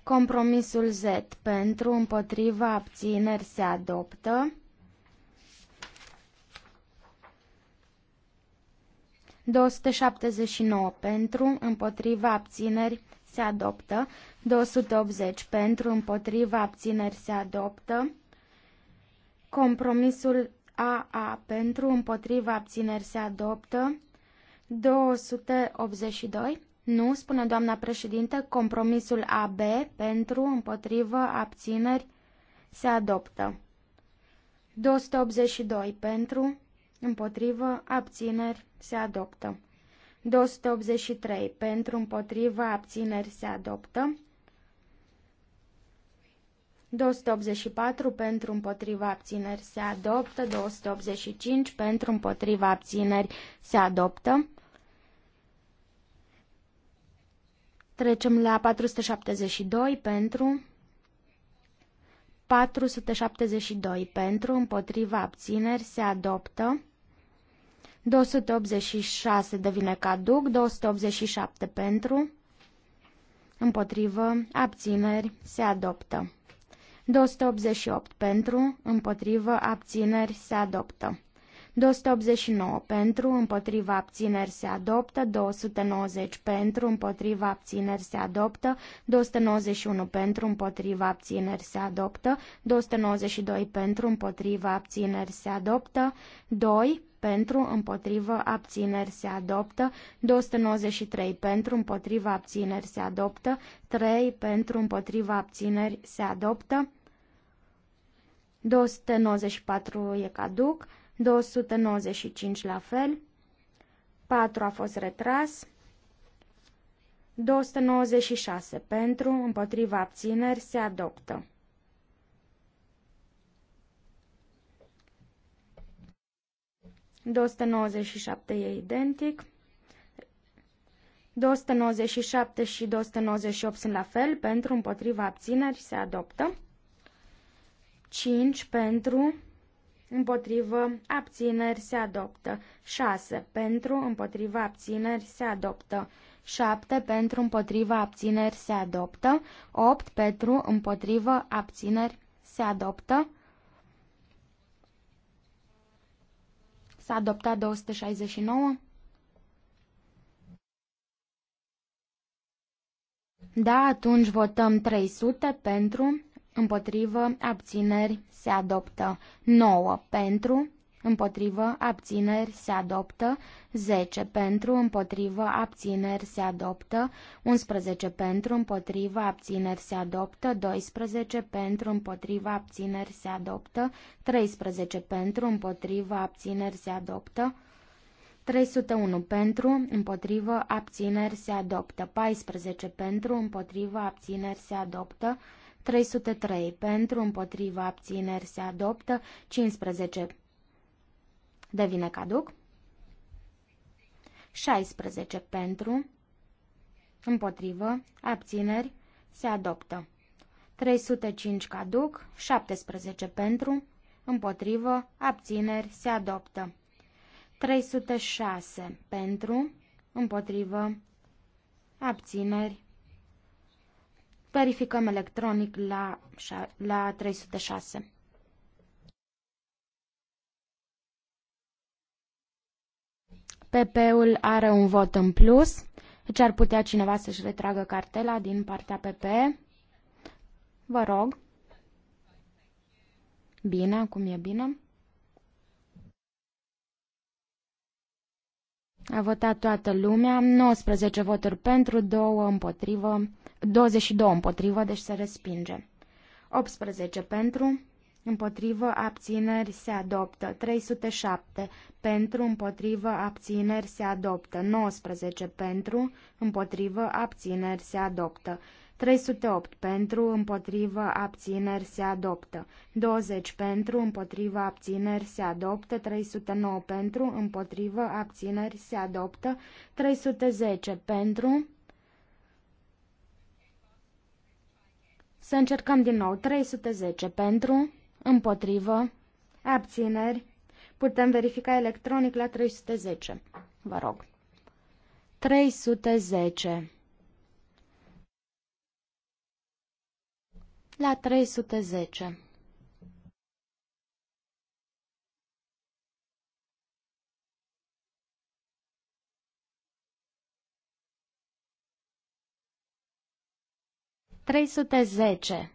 Compromisul Z. Pentru, împotriva, abțineri, se adoptă. 279 pentru, împotriva abțineri se adoptă. 280 pentru, împotriva abțineri se adoptă. Compromisul AA pentru, împotriva abțineri se adoptă. 282. Nu, spune doamna președinte, compromisul AB pentru, împotrivă, abțineri se adoptă. 282 pentru, împotrivă, abțineri, se adoptă. 283. Pentru, împotrivă, abțineri, se adoptă. 284 pentru împotriva abțineri se adoptă, 285 pentru împotriva abțineri se adoptă. Trecem la 472 pentru 472 pentru, împotriva abțineri se adoptă. 286 devine caduc, 287 pentru, împotrivă, abțineri se adoptă. 288 pentru, împotrivă, abțineri se adoptă. 289 pentru, împotriva abțineri se adoptă, 290 pentru, împotriva abțineri se adoptă, 291 pentru, împotriva abțineri se adoptă, 292 pentru, împotriva abțineri se adoptă, 2 pentru, împotriva abțineri se adoptă, 293 pentru, împotriva abțineri se adoptă, 3 pentru, împotriva abțineri se adoptă, 294 e caduc, 295 la fel, 4 a fost retras, 296 pentru, împotriva abțineri, se adoptă. ...297 e identic. 297 și 298 sunt la fel, pentru, împotriva abțineri, se adoptă. 5 pentru, împotrivă, abțineri se adoptă. 6. Pentru, împotriva, abțineri se adoptă. 7. Pentru, împotriva, abțineri se adoptă. 8. Pentru, împotrivă, abțineri se adoptă. S-a adoptat 269. Da, atunci votăm 300 pentru, împotrivă, abțineri, se adoptă. 9 pentru, împotrivă, abțineri, se adoptă. 10 pentru, împotrivă, abțineri, se adoptă. 11 pentru, împotrivă, abțineri, se adoptă. 12 pentru, împotrivă, abțineri, se adoptă. 13 pentru, împotrivă, abțineri, se adoptă. 301 pentru, împotrivă, abțineri, se adoptă. 14 pentru, împotrivă, abțineri, se adoptă. 303 pentru, împotriva abțineri se adoptă, 15 devine caduc, 16 pentru, împotrivă, abțineri se adoptă, 305 caduc, 17 pentru, împotrivă, abțineri se adoptă, 306 pentru, împotrivă, abțineri Verificăm electronic la, la 306. PP-ul are un vot în plus, deci ar putea cineva să-și retragă cartela din partea PP. Vă rog. Bine, acum e bine. A votat toată lumea, 19 voturi pentru, 2 împotrivă, 22 împotrivă, deci se respinge. 18 pentru, împotrivă, abțineri, se adoptă. 307 pentru, împotrivă, abțineri, se adoptă. 19 pentru, împotrivă, abțineri, se adoptă. 308 pentru, împotrivă, abțineri, se adoptă. 20 pentru, împotrivă, abțineri, se adoptă. 309 pentru, împotrivă, abțineri, se adoptă. 310 pentru, Să încercăm din nou. 310 pentru, împotrivă, abțineri. Putem verifica electronic la 310. Vă rog. 310. La 310. 310.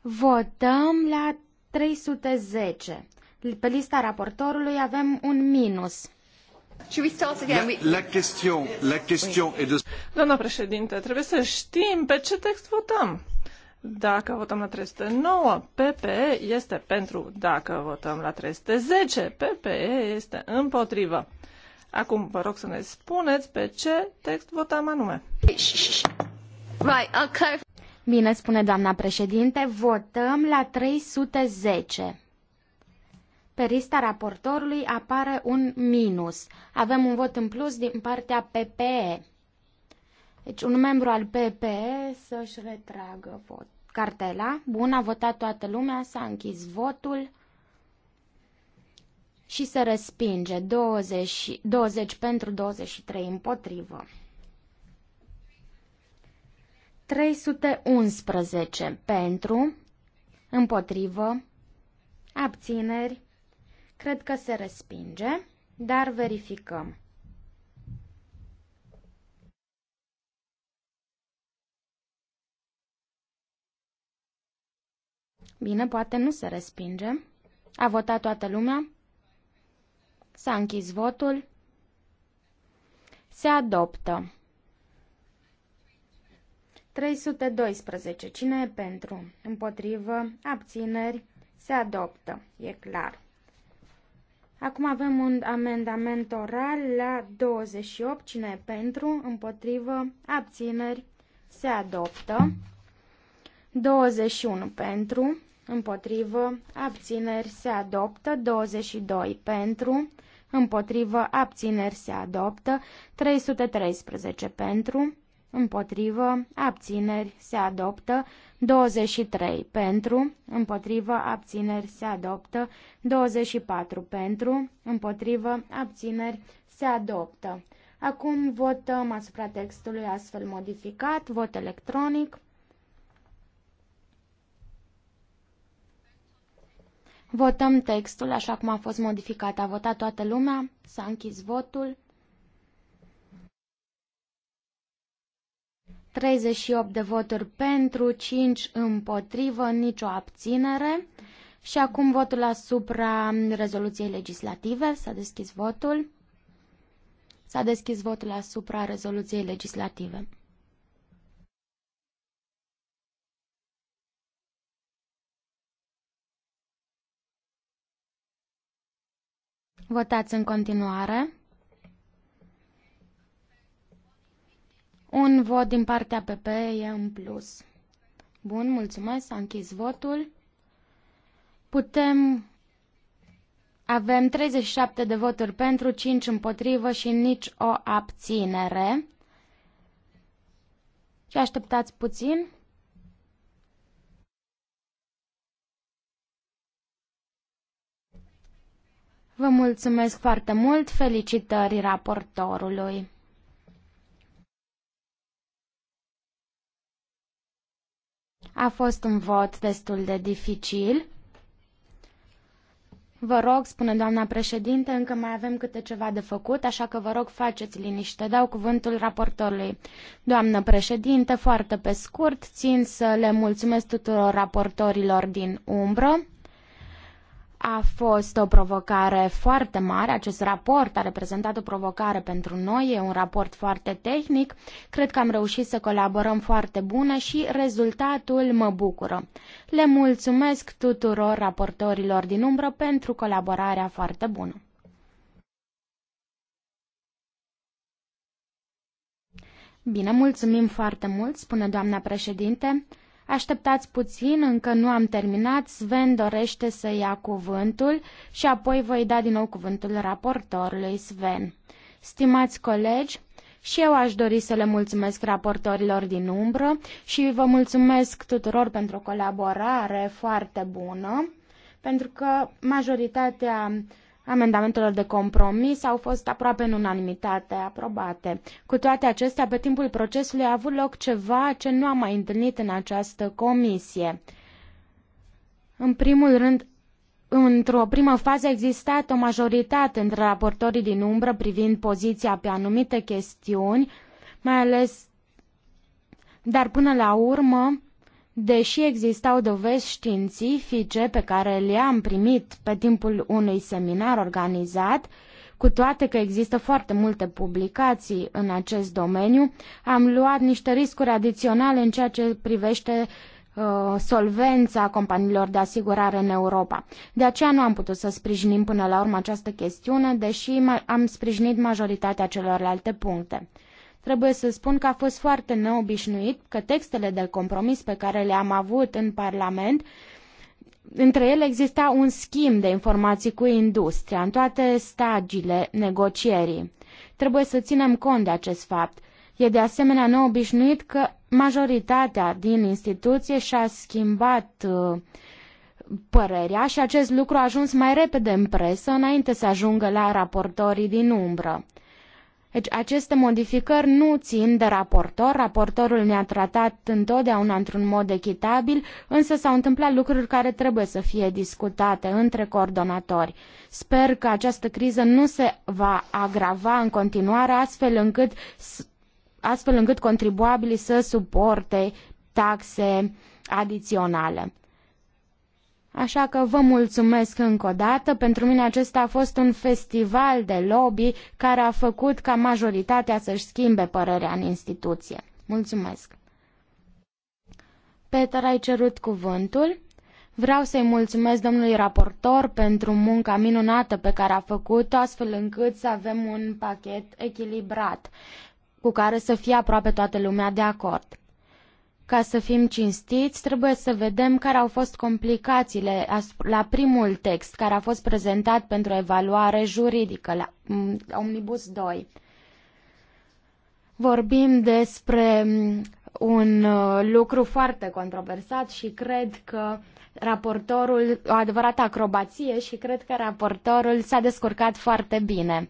Votăm la 310. Pe lista raportorului avem un minus. Doamna președinte, trebuie să știm pe ce text votăm. Dacă votăm la 309, PPE este pentru. Dacă votăm la 310, PPE este împotrivă. Acum vă rog să ne spuneți pe ce text votăm anume. Right, okay. Bine spune doamna președinte, votăm la 310. Pe lista raportorului apare un minus. Avem un vot în plus din partea PPE. Deci un membru al PPE să-și retragă vot. Cartela, bun, a votat toată lumea, s-a închis votul și se respinge 20, 20 pentru 23 împotrivă. 311 pentru, împotrivă, abțineri, cred că se respinge, dar verificăm. Bine, poate nu se respinge. A votat toată lumea? S-a închis votul. Se adoptă. 312. Cine e pentru? Împotrivă? Abțineri? Se adoptă. E clar. Acum avem un amendament oral la 28. Cine e pentru? Împotrivă? Abțineri? Se adoptă. 21 pentru, împotrivă, abțineri se adoptă, 22 pentru, împotrivă, abțineri se adoptă, 313 pentru, împotrivă, abțineri se adoptă, 23 pentru, împotrivă, abțineri se adoptă, 24 pentru, împotrivă, abțineri se adoptă. Acum votăm asupra textului astfel modificat, vot electronic. Votăm textul așa cum a fost modificat. A votat toată lumea? S-a închis votul. 38 de voturi pentru, 5 împotrivă, nicio abținere. Și acum votul asupra rezoluției legislative. S-a deschis votul. S-a deschis votul asupra rezoluției legislative. Votați în continuare. Un vot din partea PP e în plus. Bun, mulțumesc, s-a închis votul. Putem... Avem 37 de voturi pentru, 5 împotrivă și nici o abținere. Și așteptați puțin. Vă mulțumesc foarte mult, felicitări raportorului. A fost un vot destul de dificil. Vă rog, spune doamna președinte, încă mai avem câte ceva de făcut, așa că vă rog faceți liniște. Dau cuvântul raportorului. Doamnă președinte, foarte pe scurt, țin să le mulțumesc tuturor raportorilor din umbră. A fost o provocare foarte mare, acest raport a reprezentat o provocare pentru noi, e un raport foarte tehnic, cred că am reușit să colaborăm foarte bună și rezultatul mă bucură. Le mulțumesc tuturor raportorilor din umbră pentru colaborarea foarte bună. Bine, mulțumim foarte mult, spune doamna președinte. Așteptați puțin, încă nu am terminat. Sven dorește să ia cuvântul și apoi voi da din nou cuvântul raportorului Sven. Stimați colegi, și eu aș dori să le mulțumesc raportorilor din umbră și vă mulțumesc tuturor pentru o colaborare foarte bună, pentru că majoritatea amendamentelor de compromis au fost aproape în unanimitate aprobate. Cu toate acestea, pe timpul procesului a avut loc ceva ce nu am mai întâlnit în această comisie. În primul rând, într-o primă fază a existat o majoritate între raportorii din umbră privind poziția pe anumite chestiuni, mai ales dar până la urmă Deși existau dovezi științifice pe care le-am primit pe timpul unui seminar organizat, cu toate că există foarte multe publicații în acest domeniu, am luat niște riscuri adiționale în ceea ce privește uh, solvența companiilor de asigurare în Europa. De aceea nu am putut să sprijinim până la urmă această chestiune, deși am sprijinit majoritatea celorlalte puncte. Trebuie să spun că a fost foarte neobișnuit că textele de compromis pe care le-am avut în Parlament între ele exista un schimb de informații cu industria în toate stagiile negocierii. Trebuie să ținem cont de acest fapt. E de asemenea neobișnuit că majoritatea din instituție și-a schimbat uh, părerea și acest lucru a ajuns mai repede în presă înainte să ajungă la raportorii din umbră. Deci, aceste modificări nu țin de raportor, raportorul ne-a tratat întotdeauna într-un mod echitabil, însă s-au întâmplat lucruri care trebuie să fie discutate între coordonatori. Sper că această criză nu se va agrava în continuare astfel încât, astfel încât contribuabilii să suporte taxe adiționale. Așa că vă mulțumesc încă o dată. Pentru mine acesta a fost un festival de lobby care a făcut ca majoritatea să-și schimbe părerea în instituție. Mulțumesc! Peter, ai cerut cuvântul. Vreau să-i mulțumesc domnului raportor pentru munca minunată pe care a făcut-o, astfel încât să avem un pachet echilibrat cu care să fie aproape toată lumea de acord. Ca să fim cinstiți, trebuie să vedem care au fost complicațiile la primul text care a fost prezentat pentru evaluare juridică la mm, Omnibus 2. Vorbim despre mm, un uh, lucru foarte controversat și cred că raportorul, o adevărată acrobație și cred că raportorul s-a descurcat foarte bine.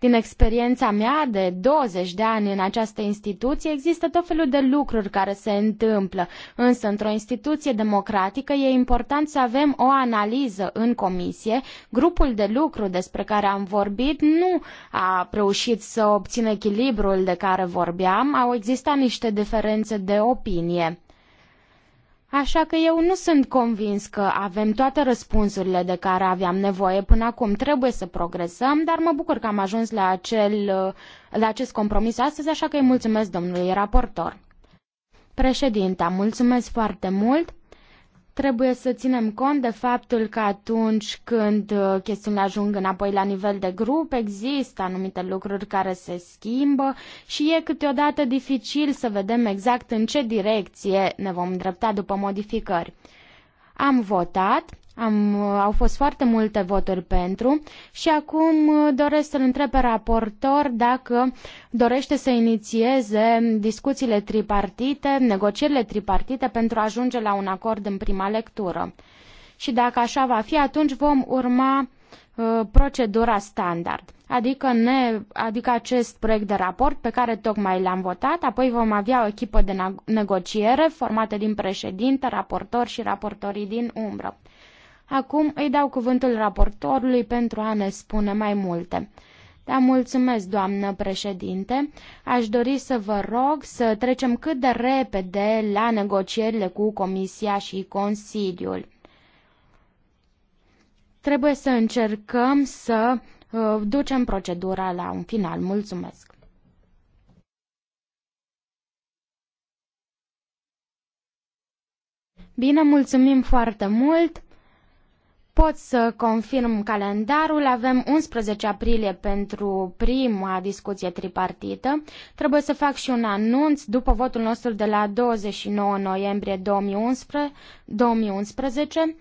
Din experiența mea de 20 de ani în această instituție există tot felul de lucruri care se întâmplă, însă într-o instituție democratică e important să avem o analiză în comisie. Grupul de lucru despre care am vorbit nu a reușit să obțină echilibrul de care vorbeam, au existat niște diferențe de opinie. Așa că eu nu sunt convins că avem toate răspunsurile de care aveam nevoie până acum. Trebuie să progresăm, dar mă bucur că am ajuns la, acel, la acest compromis astăzi, așa că îi mulțumesc domnului raportor. Președinta, mulțumesc foarte mult. Trebuie să ținem cont de faptul că atunci când uh, chestiunile ajung înapoi la nivel de grup, există anumite lucruri care se schimbă și e câteodată dificil să vedem exact în ce direcție ne vom îndrepta după modificări. Am votat, am, au fost foarte multe voturi pentru și acum uh, doresc să-l întreb pe raportor dacă dorește să inițieze discuțiile tripartite, negocierile tripartite pentru a ajunge la un acord în prima lectură. Și dacă așa va fi, atunci vom urma uh, procedura standard, adică, ne, adică acest proiect de raport pe care tocmai l-am votat, apoi vom avea o echipă de negociere formată din președinte, raportor și raportorii din umbră. Acum îi dau cuvântul raportorului pentru a ne spune mai multe. Da, mulțumesc, doamnă președinte. Aș dori să vă rog să trecem cât de repede la negocierile cu Comisia și Consiliul. Trebuie să încercăm să uh, ducem procedura la un final. Mulțumesc. Bine, mulțumim foarte mult. Pot să confirm calendarul. Avem 11 aprilie pentru prima discuție tripartită. Trebuie să fac și un anunț după votul nostru de la 29 noiembrie 2011.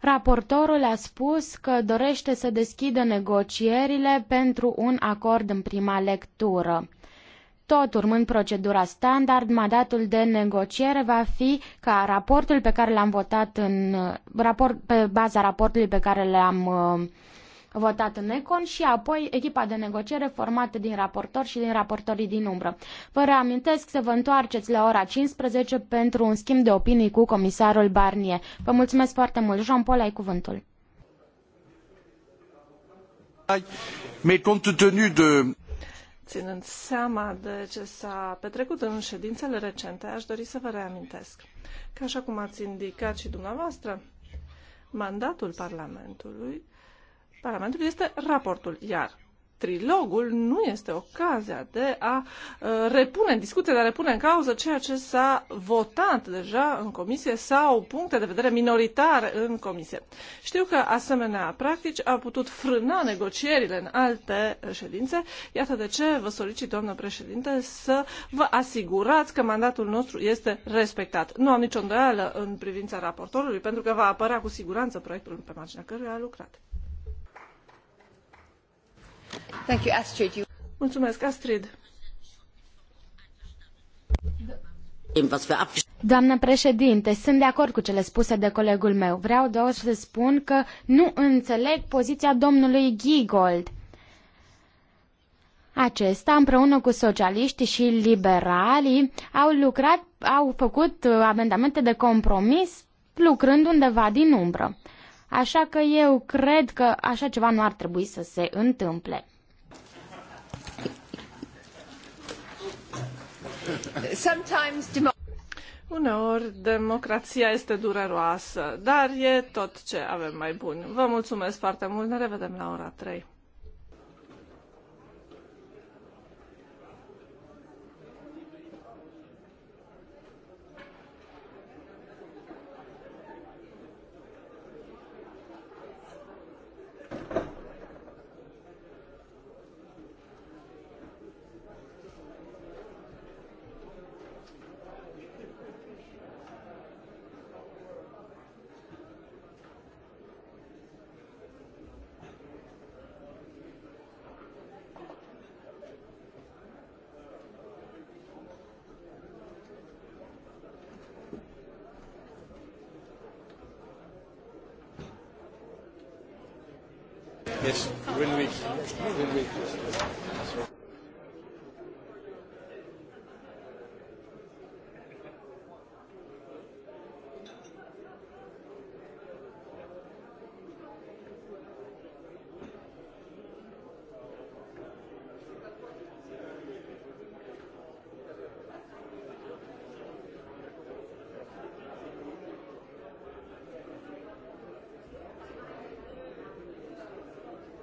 Raportorul a spus că dorește să deschidă negocierile pentru un acord în prima lectură. Tot urmând procedura standard, mandatul de negociere va fi ca raportul pe care l-am votat în uh, raport, pe baza raportului pe care l-am uh, votat în Econ și apoi echipa de negociere formată din raportori și din raportorii din umbră. Vă reamintesc să vă întoarceți la ora 15 pentru un schimb de opinii cu comisarul Barnier. Vă mulțumesc foarte mult. Jean-Paul, ai cuvântul. Mais compte tenu de Ținând seama de ce s-a petrecut în ședințele recente, aș dori să vă reamintesc că, așa cum ați indicat și dumneavoastră, mandatul Parlamentului, parlamentul este raportul, iar trilogul nu este ocazia de a uh, repune în discuție, de a repune în cauză ceea ce s-a votat deja în comisie sau puncte de vedere minoritare în comisie. Știu că asemenea practici a putut frâna negocierile în alte ședințe. Iată de ce vă solicit, doamnă președinte, să vă asigurați că mandatul nostru este respectat. Nu am nicio îndoială în privința raportorului, pentru că va apărea cu siguranță proiectul pe marginea căruia a lucrat. Doamnă președinte, sunt de acord cu cele spuse de colegul meu. Vreau doar să spun că nu înțeleg poziția domnului Giegold. Acesta, împreună cu socialiștii și liberalii, au lucrat, au făcut uh, amendamente de compromis lucrând undeva din umbră. Așa că eu cred că așa ceva nu ar trebui să se întâmple. Sometimes Uneori, democrația este dureroasă, dar e tot ce avem mai bun. Vă mulțumesc foarte mult, ne revedem la ora 3. Thank you.